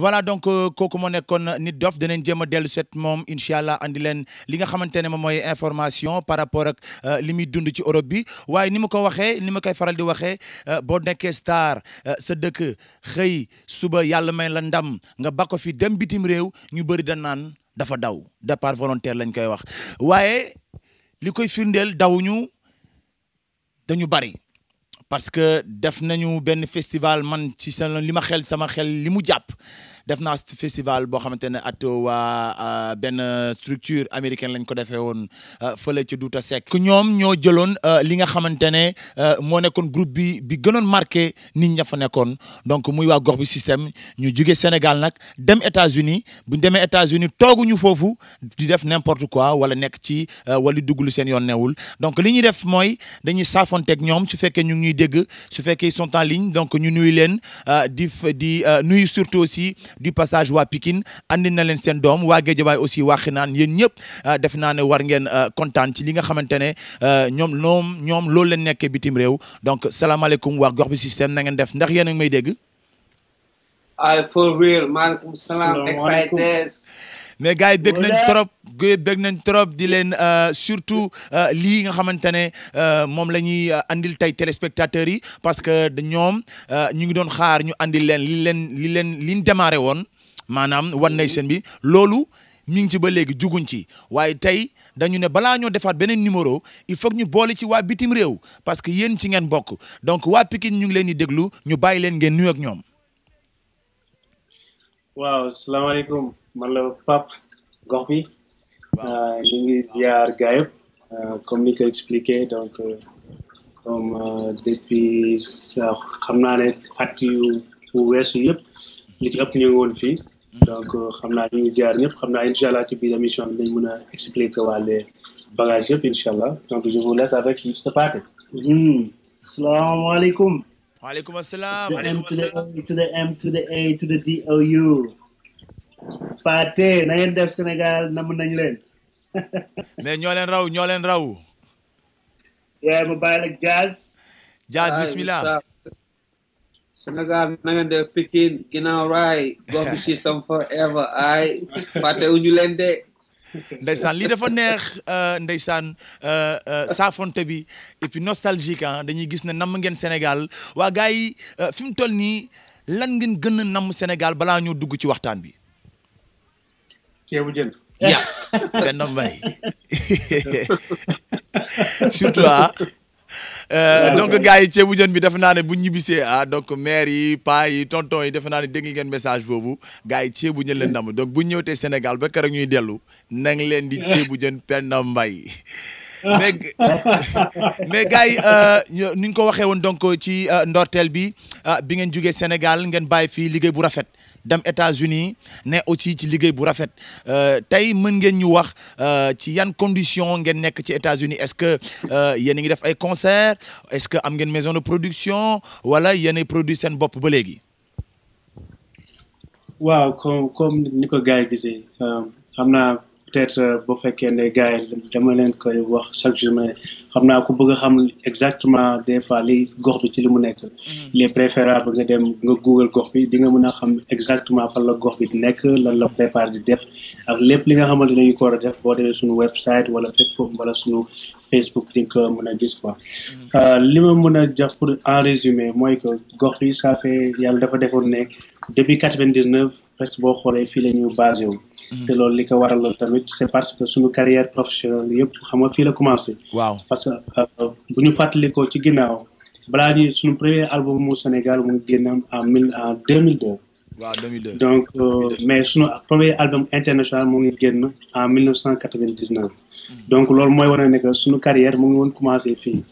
voilà donc euh, kooku moo nekkoon ni dof dinañ jéem a dellu set moom incha allah andi leen li nga xamante ne moom mooy information par rapport ak euh, li dund ci Europe bi waaye ni ma ko waxee ni ma koy faral di waxee euh, boo nekkee star sa dëkk xëy suba yàlla may la ndam nga ba ko fi dem bitim réew ñu bëri da naan dafa daw départ volontaire lañ koy wax waaye li koy firndeel dawuñu dañu bari parce que def nañu benn festival man ci sa li ma xel sama xel li mu jàpp def naa festival boo xamante ne at waa euh, benn structure américaine lañ ko defee woon euh, fële ci Douta Seck ñoom ñoo jëloon euh, li nga xamante ne moo nekkoon groupe bi bi gënoon marqué nit ña fa nekkoon donc muy waa gox bi système ñu jugee Sénégal nag dem États-Unis buñ demee États-Unis tooguñu foofu di def n'importe quoi wala nekk ci wala dugglu seen yoon newul donc li ñuy def mooy dañuy saafonteeg ñoom su fekkee ñu ngi ñuy dégg su fekkee ils sont ligne donc ñu nuy leen di di nuyu surtout aussi du passage waa Pikine andi na leen seen doom waa Géejawaay aussi waa Xinaan yéen ñëpp ah, def naa ne war ngeen ah, kontaan ci li nga xamante ne ah, ñoom ñoom ñoom loolu leen nekkee bitim réew donc salaamaaleykum waa gox bi système na ngeen def ndax yéen a may dégg. ay for real maaleykum salaam. mais gars yi bëgg nañ trop gars yi bëgg nañ trop di leen euh, surtout euh, lii nga xamante ne euh, moom la ñuy andil tey téléspectateurs yi parce que ñoom ñu ngi doon xaar ñu andil leen li leen li leen liñ démarré woon maanaam One seen bi loolu ñu ngi ci ba léegi juguñ ci waaye tey dañu ne balaa ñoo defaat beneen numéro il faut ñu boole ci waa bitim réew parce que yéen ci ngeen bokk donc waa Pikine ñu ngi leen di déglu ñu bàyyi leen ngeen nuyu ñoom. waaw salaamaaleykum man la Pape gox bi ah, ñu ngi ziar gaay ah, comme ni ko expliqué donc euh, comme euh, depuis xam naa ne at yu weesu yëpp li ci ëpp ñu ngi woon fii hmm. donc euh, xam naa ñu ngi ziar ñëpp xam naa incha allah ci biir émission bi mën a expliqué wàlle bagage yëpp incha allah donc je vous laisse avec Mr Pathé. Hmm. salaamaaleykum. waaleykum asalaam waaleykum asalaam to the M to the A to the D O U. Pathé na ngeen def Sénégal nam nañ leen. mais ñoo raw ñoo leen raw. yaa ma bàyyi la Diaz. Diaz bismillah. Sénégal na ngeen def Pikine ginnaaw raay. gox bi ci forever ay Pathé wu leen de. ndeysaan lii dafa neex euh, ndeysaan euh, euh, saafonte bi et puis nostalgique ah, dañuy gis ne namm ngeen Sénégal waa gars yi fi mu toll nii lan ngeen gën a namm Sénégal balaa ñoo dugg ci waxtaan bi. ceebu jën. yaa benn mbay surtout ah. Euh, donc gars yi ceebu jën bi defe naa ne bu ñibbisee ah donc maire yi paa yi tonton yi defe naa ne dégg ngeen message boobu gars yi ceebu jën leen nam donc bu ñëwtee Sénégal ba keroog ñuy dellu nang leen di ceebu jën Penda Mbaye mais mais gars yi euh, ni ñu ko waxee woon donc ci euh, ndorteel bi ah, bi ngeen jugee Sénégal ngeen bàyyi fii liggéey bu rafet dem États-Unis ne aussi ci liggéey bu rafet euh, tey mën ngeen ñu wax euh, ci yan condition ngeen nekk ci États-Unis est-ce que euh, yéen a ngi def ay concert est-ce que am ngeen maison de production wala yeneen ay produit seen bopp ba léegi. waaw comme comme ni ko gars yi gisee xam naa peut-être euh, bu fekkee ne gars yi dama leen koy wax chaque jour xam naa ku bëgg xam exactement des fois li gox bi ci li mu nekk. Mm-hmm. il est préférable nga dem nga google gox bi di nga mën a xam exactement fan la gox bi di nekk lan la prépare di def ak lépp li nga xamante ne ñu ko war a def boo demee suñu website wala fépp wala suñu Facebook di nga ko mën a gis quoi. Mm-hmm. Euh, li ma a jox pour en résumé mooy que gox bi ça fait dafa defoon nekk. depuis quatre vingt dix neuf presque boo xoolee fii la ñu basé wu. Mm-hmm. te loolu li ko waral tamit c' est parce que suñu carrière professionnelle yëpp xam nga fii la commencé. waaw parce que euh, bu ñu fàttalikoo ci ginnaaw balaa ñuy suñu premier album mu Sénégal mu ngi génn en mille en deux mille deux. waaw 2002 donc euh, mais suñu premier album international mu ngi génn en 1999. Mm. donc loolu mooy wane ne que suñu carrière mu ngi woon commencé fii.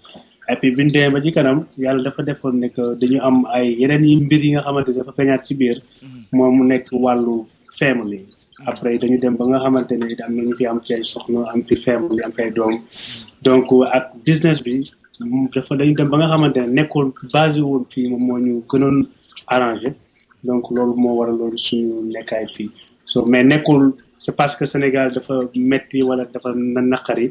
et puis biñ demee ba ci kanam yàlla dafa defoon ne dañu am ay yeneen yi mbir yi nga xamante dafa feeñaat ci biir mm-hmm. moom mu nekk wàllu family mm-hmm. après dañu dem ba nga xamante ne am na ñu fi am ci soxna am ci family am fi doom mm-hmm. donc ak business bi dafa dañu dem ba nga xamante ne nekkoon basé woon fii moom moo ñu gënoon arrangé donc loolu moo waral loolu suñu nekkaay fii so mais nekkul c'est parce que Sénégal dafa metti wala dafa naqari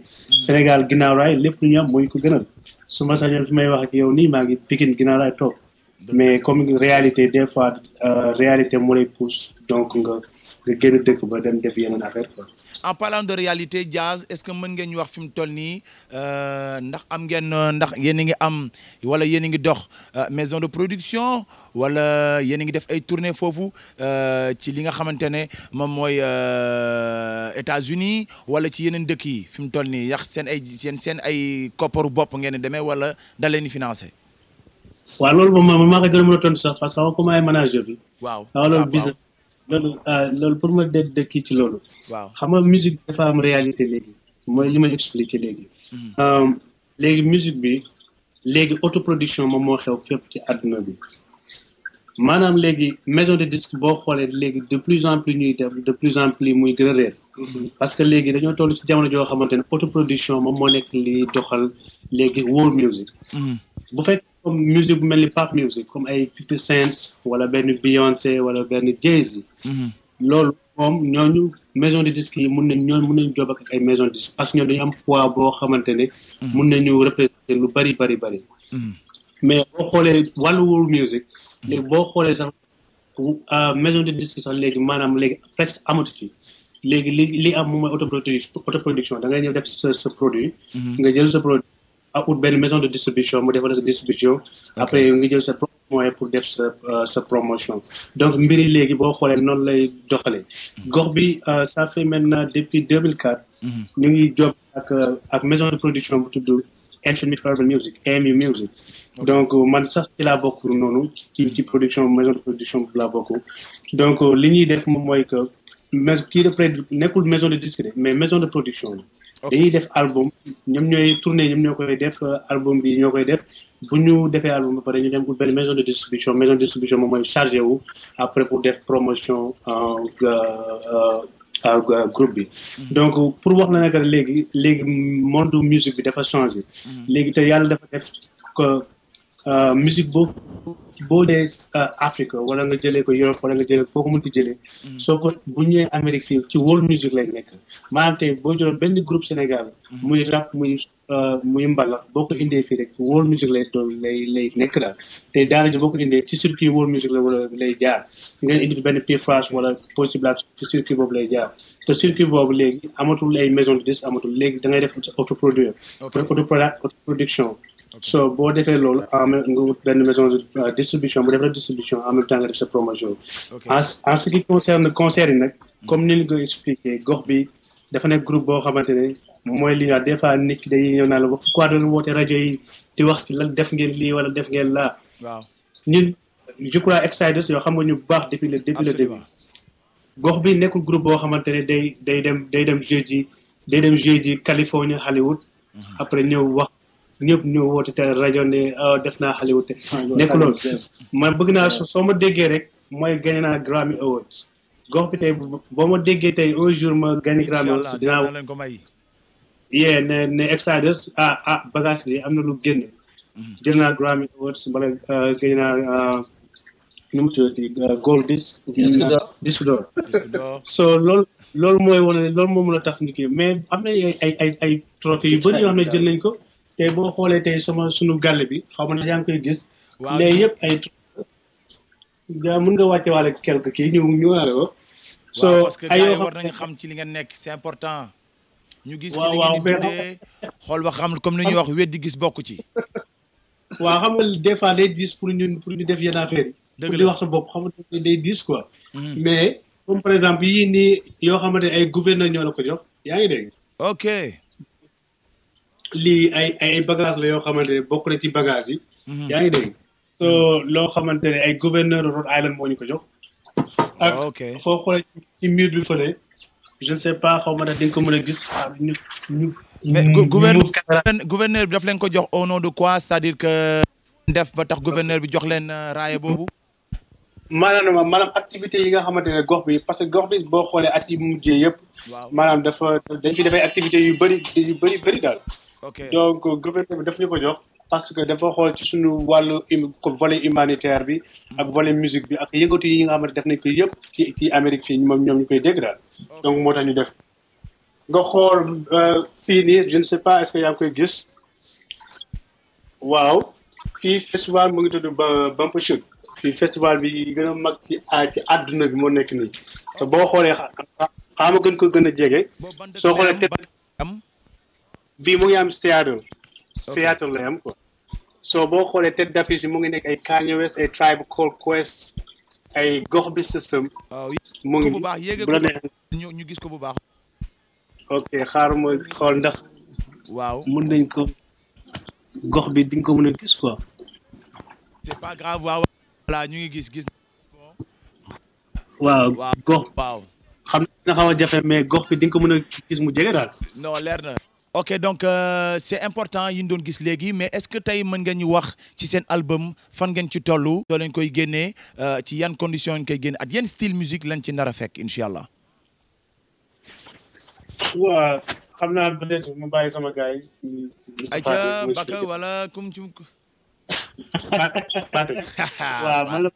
Sénégal ginnaaw lépp ñu am moo ko gënal su ma sañoon fi may wax ak yow nii maa ngi pikin ginnaaw laay toog mais comme réalité des fois euh, réalité moo lay pousse donc nga nga génn dëkk ba dem def yeneen affaire quoi. en parlant de réalité Diaz est-ce que mën ngeen ñu wax fi mu toll nii euh, ndax am ngeen ndax yéen ngi am wala yéen a ngi dox euh, maison de production wala yéen a ngi def ay tournée foofu euh, ci li nga xamante ne moom mooy États-Unis wala ci yeneen dëkk yi fi mu toll nii ndax seen ay seen seen ay kopparu bopp ngeen demee wala da leen di financé. waaw loolu moom ma ko gën a mën a sax parce que xaw ma manager waaw loolu euh, loolu pour ma dégg dëkk ci loolu. waaw xam nga musique dafa am réalité léegi mooy li may expliquer léegi. Hmm. Euh, léegi musique bi léegi production moom moo xew fépp ci àdduna bi maanaam léegi maison de disque boo xoolee léegi de plus en plus ñuy def plus en plus muy gën a hmm. parce que léegi dañoo toll ci jamono joo xamante ne production moom moo nekk li doxal léegi world music hmm. bu fekk comme musique bu mel ni pop music comme ay 50 Cent wala benn Beyoncé wala benn Jay-Z. Mhm. loolu moom ñooñu maison de disque mun na ñooñu mun nañ job ak ay maison de disque parce que ñoom dañu am poids boo xamante ne. Mhm. mun na nañu représenter lu bari bari bari. Mhm. mais boo xoolee wall wóoru musique. léegi boo xoolee sax euh, maison de disque sax léegi maanaam léegi presque amatu fi léegi li li am moom mooy autoproduction dangay da ngay ñëw def sa sa produit. nga jël sa produit. ak ut benn maison de distribution mu defal sa distribution. après ngi jël sa moyen pour def sa euh, sa promotion. donc mbir yi léegi boo xoolee noonu lay doxalee. Mm-hmm. gox bi euh, ça fait maintenant depuis 2004. Mm-hmm. ñu ngi job ak euh, ak maison de production bu tuddu Ancient Microbial Music man sax ci laa bokk noonu ci ci mm-hmm. production maison de production bi laa bokk. donc li ñuy def moom mooy que mais kii de près nekkul maison de disque mais maison de production la. dañuy def album ñoom ñooy tournée ñoom ñoo koy def euh, album bi ñoo koy def bu ñu defee album ba pare ñu dem ut benn maison de distribution maison de distribution moom mooy chargé wu après pour def promotion euh, euh, groupe bi. Mm-hmm. donc pour wax na nag léegi léegi monde musique bi dafa changé. Mm-hmm. léegi te yàlla dafa def. Euh, musique boobu boo dee euh, Afrique wala nga jëlee ko Europe wala nga jëlee foo ko mënti jëlee. Mm. soo ko bu ñëwee Amérique fii ci world music lay nekk. maanaam tey boo jëloon benn group Sénégal. Mm. muy rap muy euh, muy mbala boo ko indee fii rek world music lay doon lay nekk daal. te daal ji boo ko indee ci circuit world music la wala lay jaar ngeen indi benn P France wala possible ci circuit boobu lay jaar. te circuit boobu léegi amatul ay maison de disque amatul léegi da ngay def autoproduire. autoproduction. so boo defee loolu en même nga wut benn maison de euh, distribution bu defee distribution en même temps nga def sa promotion. en ce qui concerne concert yi nag. Hmm. comme ni ñu ko expliqué gox bi dafa nekk groupe boo xamante ne mooy li nga des fois nit ki dañuy ñëw la wax quoi doon woote rajo yi di wax ci lan def ngeen lii wala def ngeen laa. waaw ñun je crois Exciders yoo xam nga ñu baax depuis le depuis le début. gox bi nekkul groupe boo xamante ne day day dem jeudi day dem jeudi Californie Hollywood. Hmm. ñëpp ñu woote te rajo ne ah, def naa Hollywood te nekk ah, loolu man bëgg naa soo ma déggee rek mooy gagné naa Grammy Awards gox bi tey boo ma déggee tey un jour ma gagné Grammy Awards dinaa yee ne ne Exodus ah ah bagage am na lu génn mm-hmm. naa Grammy Awards wala ah, gagné naa nu mu tuddati gold disc disque d'or so loolu loolu mooy wane loolu moo mën a tax nit mais am na ay ay ay trophée yu bëri yoo xam ne jël nañ ko te boo xoolee tey sama suñu gàll bi xaw ma ne yaa ngi koy gis. waaw léegi yëpp ay. gaa mën nga wàcce waale quelque kii ñu ñu waale ko. so ay yoo xam war nañu xam ci li nga nekk c'est important. ñu gis ci li ngeen di tuddee xool ba xam comme ni ñuy wax weddi gis bokk ci. waa xam nga des fois day diis pour ñun pour ñu def yenn affaire yi. dëgg la wax sa bopp xam nga day diis quoi. Hmm. mais comme par exemple yi nii yoo xamante ay gouverneur ñoo la ko jox yaa ngi dégg. ok. lii ay ay bagage la yoo xamante ne bokk na ci bagage yi. Mhm. yaa ngi dégg mhm. loo xamante ne ay gouverneur Rhode Island moo ñu ko jox. ak ah, foo xoolee ci mur bi fële. je ne sais pas xaw ma ne di nga ko mën a gis ah, ñu ñu. mais gouverneur bi daf leen ko jox ono nom de quoi c'est-à-dire que. def ba tax gouverneur bi jox leen euh, raaya boobu. maanaam maanaam activité yi nga xamante ne gox bi parce que gox bi boo xoolee at yi mujjee yëpp. maanaam dafa dañ fi dafay activités yu bëri yu bëri daal. donc gouvernement bi def ñu ko jox. parce que dafa xool ci suñu wàllu volet humanitaire bi. ak volet musique bi ak yëngatu yi nga xamante def na ko yëpp ki ci Amérique fii moom ñoom ñu koy dégg daal. donc moo tax def nga xool euh, fii nii je ne sais pas est-ce que yaa ngi koy gis waaw fii festival mu ngi tudd ba Shoot fii festival bi gën a mag ci ci àdduna bi moo nekk nii te boo xoolee xaama gën ko gën a jege soo xoolee. bii mu ngi am Seattle. Seattle lay am quoi. boo xoolee tête d'affiche yi mu ngi nekk ay Kanye West ay Tribe Called Quest ay gox bi system. mu ngi bu baax yéeg ñu gis ko bu baax. ok xaaral ma xool ndax. waaw mën nañ ko gox bi di ko mën a gis quoi. c'est pas grave waaw. voilà ñu ngi gis gis. waaw gox. waaw xam na xaw a jafe mais gox bi di nga ko mën a gis mu jege daal. non leer na. ok donc euh, c'est important yi ñu doon gis léegi mais est-ce que tey mën ngeen ñu wax ci seen album fan ngeen ci toll. soo koy génnee euh, ci yan condition ñu koy génne ak yenn style musique lañ ci nara fekk incha allah. waaw xam naa peut mu bàyyi sama gars yi. ayca Bakka wala kum ci. Pate waaw la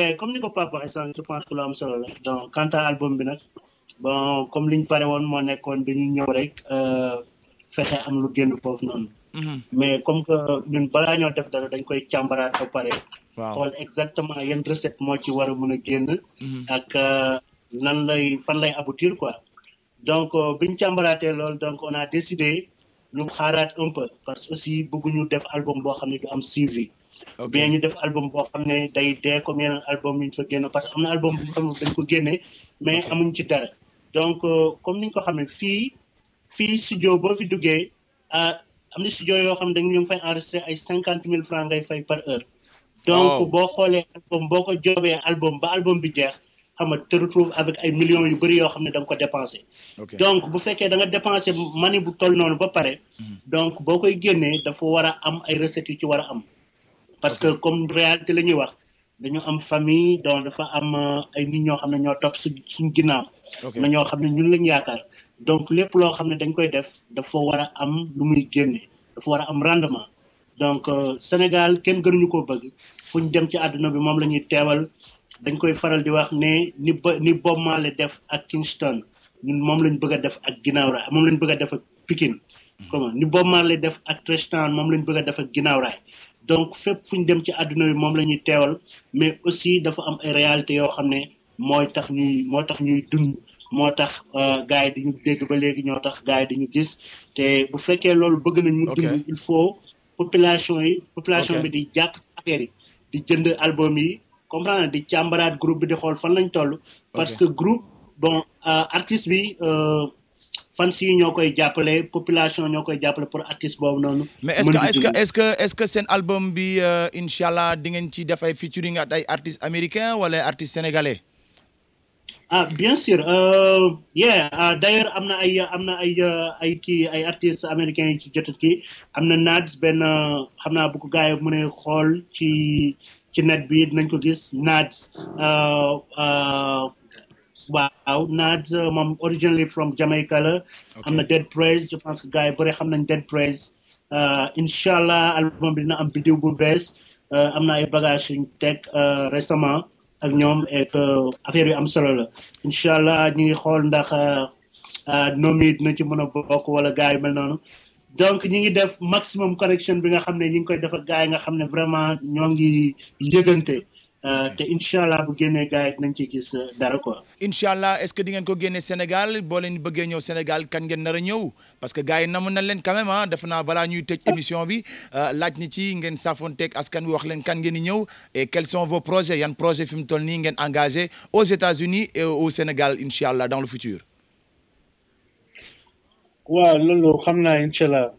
comme ni ko Pape am solo la donc quant album bi nag. bon comme liñ pare woon moo nekkoon dañu ñëw rek euh, fexe am lu génn foofu noonu. Mm-hmm. mais comme que ñun balaa ñoo def dara dañ koy càmbaraat ba pare. waaw xool exactement yan recette moo ci war a mën a génn. Mm-hmm. ak euh, nan lay fan lay aboutir quoi. donc euh, biñ càmbaraatee loolu donc on a décidé ñu xaaraat un peu parce que aussi bëgguñu def album boo xam ne du am suivi. bien ñu def album boo xam ne day dee comme yeneen album yu ñu génn parce que am na album bu ñu dañ ko génne mais amuñ ci dara. donc euh, comme ni nga ko xamee fii fii studio boo fi duggee ah, am na studio yoo xam ne dañu fay enregistré ay cinquante mille francs ngay fay par heure. donc boo xoolee album boo ko joobee album ba album bi jeex xam nga te retrouve avec ay millions yu bëri yoo xam ne da nga ko dépensé. donc bu fekkee da nga dépensé mani bu toll noonu ba pare. Mhm. donc boo koy génnee dafa war a am ay recettes yu ci war a am. parce que comme réalité la ñuy wax. dañu am fami donc dafa am euh, ay nit ñoo xam ne ñoo topp si suñ ginnaaw. na ñoo xam ne ñun lañ yaakaar. donc lépp loo xam ne dañ koy def dafa war a am lu muy génne dafa war a am rendement donc euh, Sénégal kenn gënuñu ko bëgg fu ñu dem ci àdduna bi moom la ñuy teewal dañ koy faral di wax ne ni ba ni Bob Marley def ak Kingston ñun moom lañ bëgg def ak ginnaaw raay moom lañ bëgg a def ak Pikine. Hmm. ni Bob Marley def ak Tristan moom lañ bëgg a def ginnaaw raay donc fépp fu ñu dem ci àdduna bi moom la ñuy teewal mais aussi dafa am ay réalités yoo xam ne mooy tax ñuy moo tax ñuy dund moo tax euh, gars yi dañu dégg ba léegi ñoo tax gars yi dañu gis te bu fekkee loolu bëgg nañ mu dund il faut population yi population bi di jàpp affaire yi di jënd album yi comprendre di càmbaraat group bi di xool fan lañ toll parce que group bon euh, artiste bi euh, fans yi ñoo koy jàppale population ñoo koy jàppale pour artiste boobu noonu. mais est-ce que est-ce que seen album bi euh, incha allah di ngeen ci def ay featuring ak ay artistes américains wala artistes sénégalais. ah bien sûr euh, yeah ah, d'ailleurs am na ay am na ay euh, ay kii ay artistes américains yi ci jotat ki am na Nads benn xam naa bu ko gars yi mën xool ci ci net bi nañ ko gis Nads. waaw Nads uh, moom originally from Jamaica la. am na Dead Praise je pense que gars yi bëri xam nañ Dead Praise. Uh, incha allah album bi dina am biddiw bu bees uh, am na ay bagages yuñ teg récemment ak ñoom et que affaire am solo la incha allah ñu ngi xool ndax nomi dina ci mën a bokk wala gars yu mel noonu. donc ñi ngi def maximum connection bi nga xam ne ñi ngi koy def ak gars yi nga xam ne vraiment ñoo ngi yëgante. Euh, mm-hmm. te incha allah bu génnee gars yi ci gis euh, dara quoi. incha allah est-ce que di ngeen ko génne Sénégal boo leen bëggee ñëw Sénégal kan ngeen nar a ñëw parce que gars yi namoon na leen quand même ah def naa balaa ñuy tëj émission bi euh, laaj ni ci ngeen saafonteeg askan wi wax leen kan ngeen di ñëw et quels sont vos projets yan projet fi mu toll nii ngeen engagé aux États-Unis et au Sénégal incha allah dans le futur. waaw xam naa incha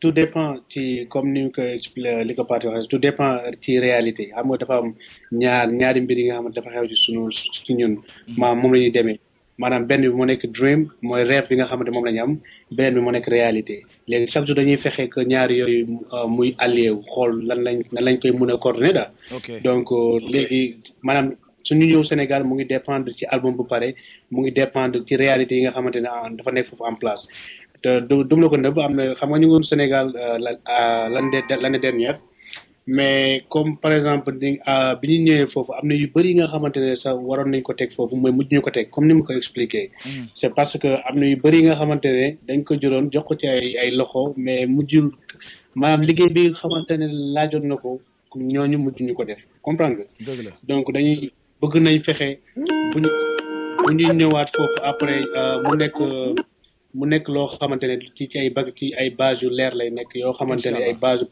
tout dépend ci comme ni ko expliqué li ko parti waxee tout dépend ci réalité xam nga dafa am ñaar ñaari mbir yi nga xamante dafa xew ci sunu ci ñun mm-hmm. maanaam moom la ñuy demee maanaam benn bi moo nekk dream mooy rêve bi nga xamante moom la ñu am beneen bi moo nekk réalité léegi chaque jour dañuy fexe que ñaar yooyu euh, muy allié wu xool lan lañ lan lañ koy mun a coordonné daal donc euh, léegi maanaam suñu ñëw Sénégal mu ngi dépendre ci album bu pare mu ngi dépendre ci réalité yi nga xamante ne ah, dafa nekk foofu en place te du du la ko nëbb am na xam nga ñu ngi woon Sénégal euh, l'année dernière mais comme par exemple bi ñu ñëwee foofu am na yu bëri yi nga xamante ne sax waroon nañ ko teg foofu mooy mujj ñu ko teg comme ni ma ko expliqué. Mm. c'est parce que am na yu bëri yi nga xamante ne dañ ko jëloon jox ko ci ay loxo mais mujjul maanaam liggéey bi nga xamante ne laajoon na ko ñooñu mujj ñu ko def comprendre nga. donc dañuy bëgg nañ fexe bu ñu bu ñëwaat foofu après euh, mu nekk. Euh, mu nekk loo xamante ne ci ci ay ba ci ay base yu leer lay nekk yoo xamante ne ay base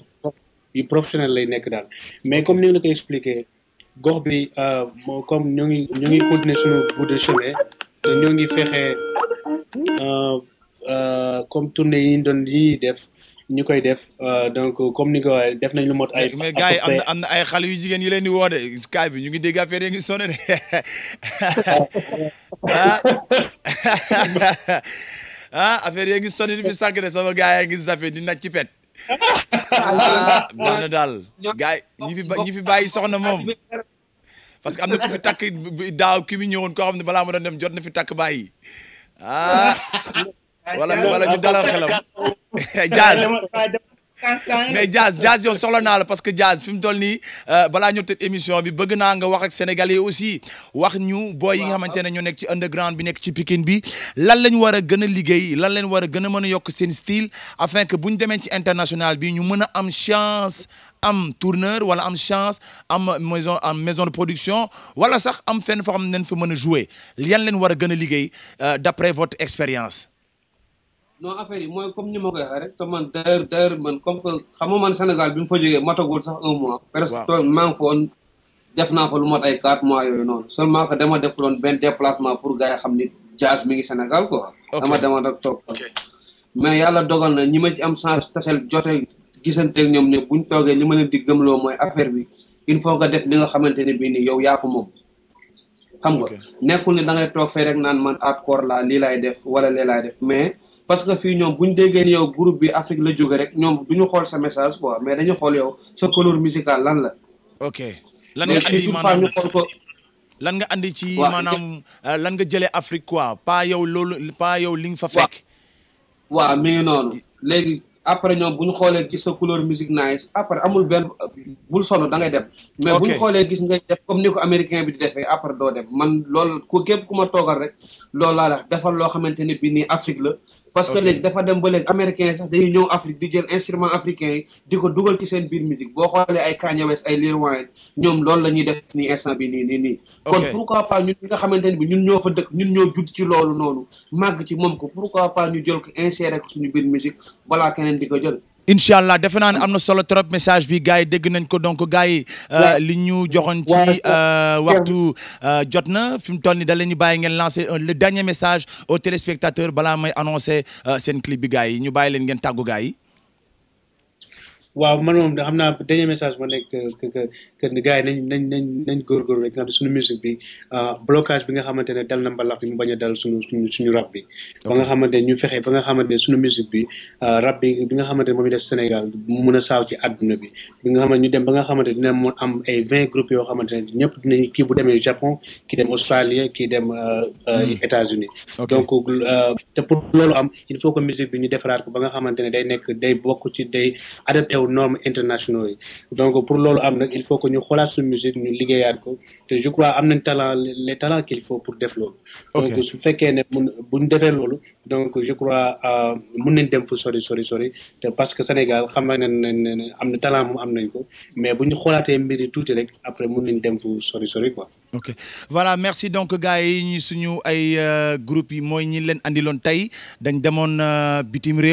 yu professionnel lay nekk daal mais comme ni nga ko expliqué gox bi euh, moo comme ñu ngi ñu ngi continuer suñu bout de chemin ngi fexe euh, euh, comme tournée yi ñu doon def ñu koy def donc comme ni ko waxee def nañ lu mot ay. mais gars yi am am na ay xale yu jigéen yi leen di woo de Skype bi ñu ngi dégg affaire yi ngi sonné ah affaire yaa ngi sonni bi sànq de sama gars ngi zappé di nag ci pet. Ah, daal gars yi ñi fi bàyyi soxna moom parce que am na ku fi takk daaw ki mi ñëwoon koo xam ne balaa ma doon dem jot na fi takk bàyyi ah. wala wala ñu dalal xelam. jaajëf. mais Diaz Diaz yow soxla naa la parce que Diaz fi mu toll nii euh, balaa ñu émission bi bëgg naa nga wax ak sénégalais aussi wax ñu booy yi nga xamante ne ñu nekk ci underground bi nekk ci pikin bi lan lañ war a gën a liggéey lan lañ war a gën a mën a yokk seen style afin que bu ñu demee ci international bi ñu mën a am chance am tourneur wala am chance am maison am maison de production wala sax am fenn foo xam ne leen fa mën a jouer yan leen war a gën a liggéey euh, d'après votre expérience non affaire yi mooy comme ni ma koy waxee rek te man d'ailleurs d'ailleurs man comme que xam nga man Sénégal bi mu fa jege matagul sax un mois. waaw presque maa ngi foon def naa fa lu mot ay quatre mois yooyu noonu seulement que dama def loon pour gars yi xam ni Diaz mi ngi Sénégal quoi. dama demoon rek toog mais yàlla dogal na ñi ma ci am chance tasel jote gisanteeg ñoom ne buñ toogee li ma leen di gëmloo mooy affaire bi il faut nga def li nga xamante ne bii ni yow yaa ko moom. xam nga nekkul ne da ngay toog fee rek naan man at koor laa lii laay def wala lee laay def mais. parce que fii ñoom bu ñu déggee ni yow groupe bi Afrique la jóge rek ñoom du ñu xool sa message quoi mais dañu xool yow sa couleur musicale lan la. ok lan nga andi maanaam xool ko. lan nga andi ci maanaam euh, lan nga jëlee Afrique quoi pas yow loolu yow li nga fa fekk. waaw mi ngi noonu léegi après ñoom bu ñu xoolee gis sa couleur musique nice après amul benn bul sonn da ngay dem. mais bu ñu xoolee gis ngay def comme ni ko américain bi di defee après doo dem man lool ku képp ku ma toogal rek loolu laa la defal loo xamante ni bii nii Afrique la. parce que léegi dafa dem ba léegi américain sax dañuy ñëw Afrique di jël instrument africain yi di ko dugal ci seen biir musique boo xoolee ay Kanye West ay Lil Wayne ñoom loolu la ñuy def nii instant bi nii nii nii kon pourquoi pas ñun ñi nga xamante ne bi ñun ñoo fa dëkk ñun ñoo judd ci loolu noonu màgg ci moom ko pourquoi pas ñu jël ko insérer ko suñu biir musique balaa keneen di ko jël incha allah defe naa ne am na solo trop message bi gars yi dégg nañ ko donc gars yi euh, li ñu joxoon ci euh, waxtu euh, jot na fi mu toll nii da leen ñu bàyyi ngeen lancer le dernier message aux téléspectateurs balaa may annoncer seen clip bi gars yi ñu bàyyi leen ngeen tàggu yi waaw man moom xam naa dernier message ma nekk que que que gars yi nañ nañ nañ suñu musique bi euh, blocage bi nga xamante ne dal na mbalax bi mu bañ a suñu suñu suñu rap bi. ba nga xamante ñu fexe ba nga xamante ne suñu musique bi euh, rap bi bi nga xamante ne moom def Sénégal mun a saaw ci àdduna bi. bi nga xamante ñu dem ba nga xamante ne mun am ay vingt groupes yoo xamante ne ñëpp dinañ kii bu demee Japon kii dem Australie kii dem euh, hmm. États-Unis donc te pour loolu am il faut que musique bi ñu defaraat ko ba nga xamante ne day nekk day bokk ci day adapté kaw normes internationaux yi donc pour loolu am nag il faut que ñu xoolaat suñu musique ñu liggéeyaat ko te je crois am nañ talent les talents qu'il faut pour def loolu donc su fekkee ne bu ñu defee loolu donc je crois euh, mun nañ dem fu sori sori te parce que Sénégal xam ne na talent moom am nañ ko mais bu ñu xoolaatee mbir yi tuuti rek après mun nañ dem fu sori sori quoi ok voilà merci donc gars yi suñu euh, groupe yi mooy ñi leen andiloon dañ demoon euh, bitim réew